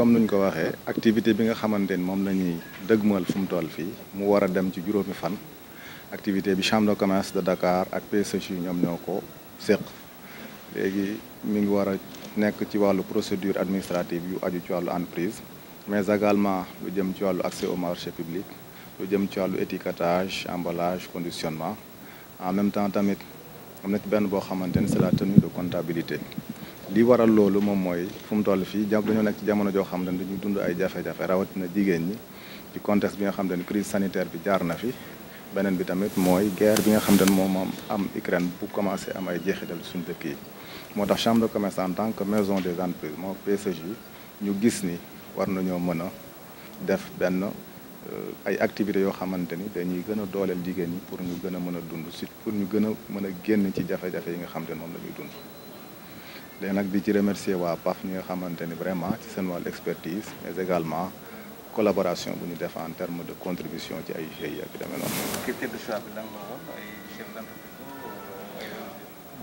comme nuñ ko waxee activité bi nga xamante ni moom la ñuy dëgmal fu mu toll fii mu war a dem ci juróomi fan activité bi chambre de commerce de Dakar ak PSEU ñoom ñoo ko séq léegi mu ngi war a nekk ci wàllu procédure administrative yu aju ci wàllu entreprise mais également lu jëm ci wàllu accès au marché public lu jëm ci wàllu étiquetage emballage conditionnement en même temps tamit am na ci benn boo xamante ni c'est la tenue de comptabilité li waral loolu moom mooy fu mu toll fii jàpp dañoo nekk ci jamono joo xam ne dañuy dund ay jafe-jafe rawatina jigéen ñi ci contexte bi nga xam ne crise sanitaire bi jaar na fi beneen bi tamit mooy guerre bi nga xam ne moom am Ukraine bu commencé am ay jeexi jeexital suñu dëkk yi. moo tax chambre de commerce en tant que maison des entreprises moo PCJ ñu gis ni war nañoo mën a def benn euh, ay activité yoo xamante ni dañuy gën a dooleel jigéen ñi pour ñu gën a mën a dund si pour ñu gën mën a génn ci jafe yi nga xam ne la ñuy dund. léegi nag bi ci remercier waa PAF ñi nga xamante ni vraiment ci seen wàllu expertise mais également collaboration bu ñu def en terme de contribution ci ay GIE ak demee noonu. critère de choix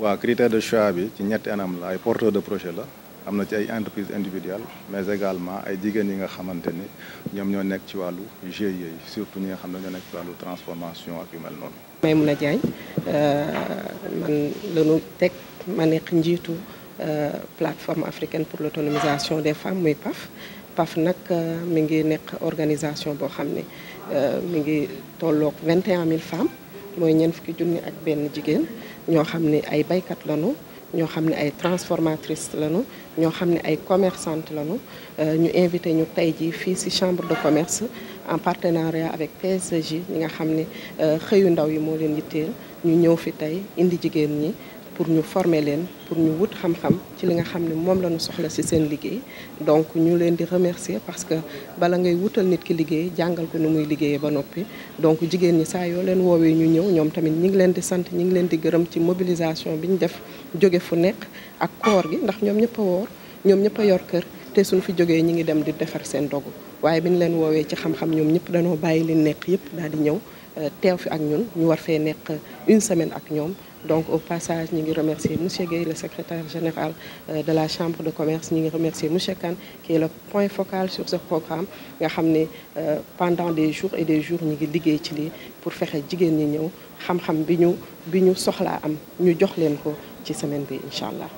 bi critère de choix bi ci ñetti anam la ay porteur de projet la am na ci ay entreprise individuelle mais également ay jigéen yi nga xamante ni ñoom ñoo nekk ci wàllu GIE yi surtout ñi nga xam ne ñoo nekk ci wàllu transformation ak yu mel noonu. Maimouna Diagne euh, man la teg ma nekk njiitu. Euh, plateforme africaine pour l'autonomisation des femmes muy PAF PAF nag euh, mi ngi nekk organisation boo xam ne euh, mi ngi tolloog mille femmes mooy ñeent fukki junni ak benn jigéen ñoo xam ne ay baykat lanu ñoo xam ne ay transformatrices lanu ñoo xam ne ay commerçantes lañu ñu invité ñu tey jii fii ci chambre de commerce en partenariat avec PSEJ ñi nga xam ne xëyu ndaw yi moo leen yitteel ñu ñëw fi tey indi jigéen ñi. pour ñu former leen pour ñu wut xam-xam ci li nga xam ne moom lañu soxla ci seen liggéey donc ñu leen di remercier parce que bala ngay wutal nit ki liggéey jàngal ko nu muy liggéeyee ba noppi donc jigéen ñi saa yoo leen woowee ñu ñëw ñoom tamit ñi ngi leen di sant ñi ngi leen di gërëm ci mobilisation bi ñu def jóge fu nekk ak koor gi ndax ñoom ñëpp a woor ñoom ñëpp yor kër te suñ fi jógee ñi ngi dem di defar seen dogu waaye bi ñu leen woowee ci xam ñoom ñëpp dañoo bàyyi leen nekk yëpp daal di ñëw teew fi ak ñun ñu war fee nekk une semaine ak ñoom donc au passage ñu ngi remercier monsieur Guèye le secrétaire général euh, de la chambre de commerce ñu ngi remercier monsieur Kane qui la le point focal sur ce programme nga xam ne euh, pendant des jours et des jours ñu ngi liggéey ci lii pour fexe jigéen ñi ñëw xam-xam bi ñu bi ñu soxlaa am ñu jox leen ko ci semaine bi incha allah.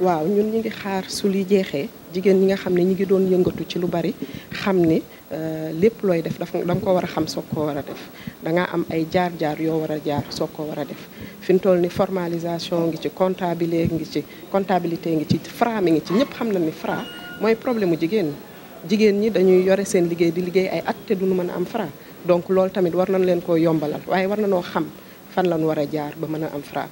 waaw ñun ñu ngi xaar su li jeexee jigéen ñi nga xam ne ñu ngi doon yëngatu ci lu bari xam ne euh, lépp looy def dafa da nga ko war a xam soog koo war a def da am ay jaar-jaar yoo war a jaar soog ko ko war a def fi mu toll ni formalisation ngi ci comptabilité ngi ci comptabilité ngi ci Fra mi ngi ci ñëpp xam na ni Fra mooy problème mu jigéen ñi jigéen ñi dañuy yore seen liggéey di liggéey ay at te duñu mën a am Fra donc loolu tamit war nañ leen ko yombalal waaye war na nañoo xam fan lañ war a jaar ba mën a am Fra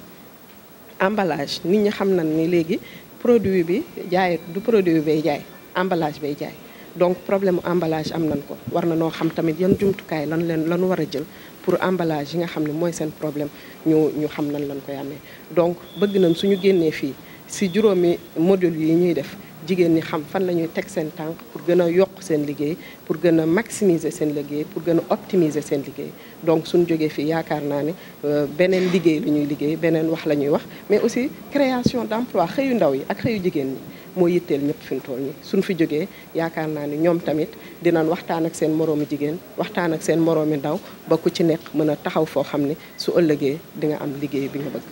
embalage nit ñi xam na ni léegi produit bi jaay du produit bay jaay emballage bay jaay donc problème mu emballage am nañ ko war na noo xam tamit yan jumtukaay lan leen lanu war a jël pour emballage yi nga xam ne mooy seen problème ñu ñu xam nan lan koy amee donc bëgg nañ suñu génnee fii si juróomi module yi ñuy def jigéen ñi xam fan la ñuy teg seen tànk pour gën a yokk seen liggéey pour gën a maximiser seen liggéey pour gën a optimiser seen liggéey donc suñu jógee fii yaakaar naa ne euh, beneen liggéey la ñuy liggéey beneen wax la ñuy wax mais aussi création d'emploi xëyu ndaw yi ak xëyu jigéen ñi moo yitteel ñëpp fi mu toll nii suñ fi jógee yaakaar naa ni ñoom tamit dinaan waxtaan ak seen moroomi jigéen waxtaan ak seen moroomi ndaw ba ku ci nekk mën a taxaw foo xam ni su ëllëgee di nga am liggéey bi nga bëgg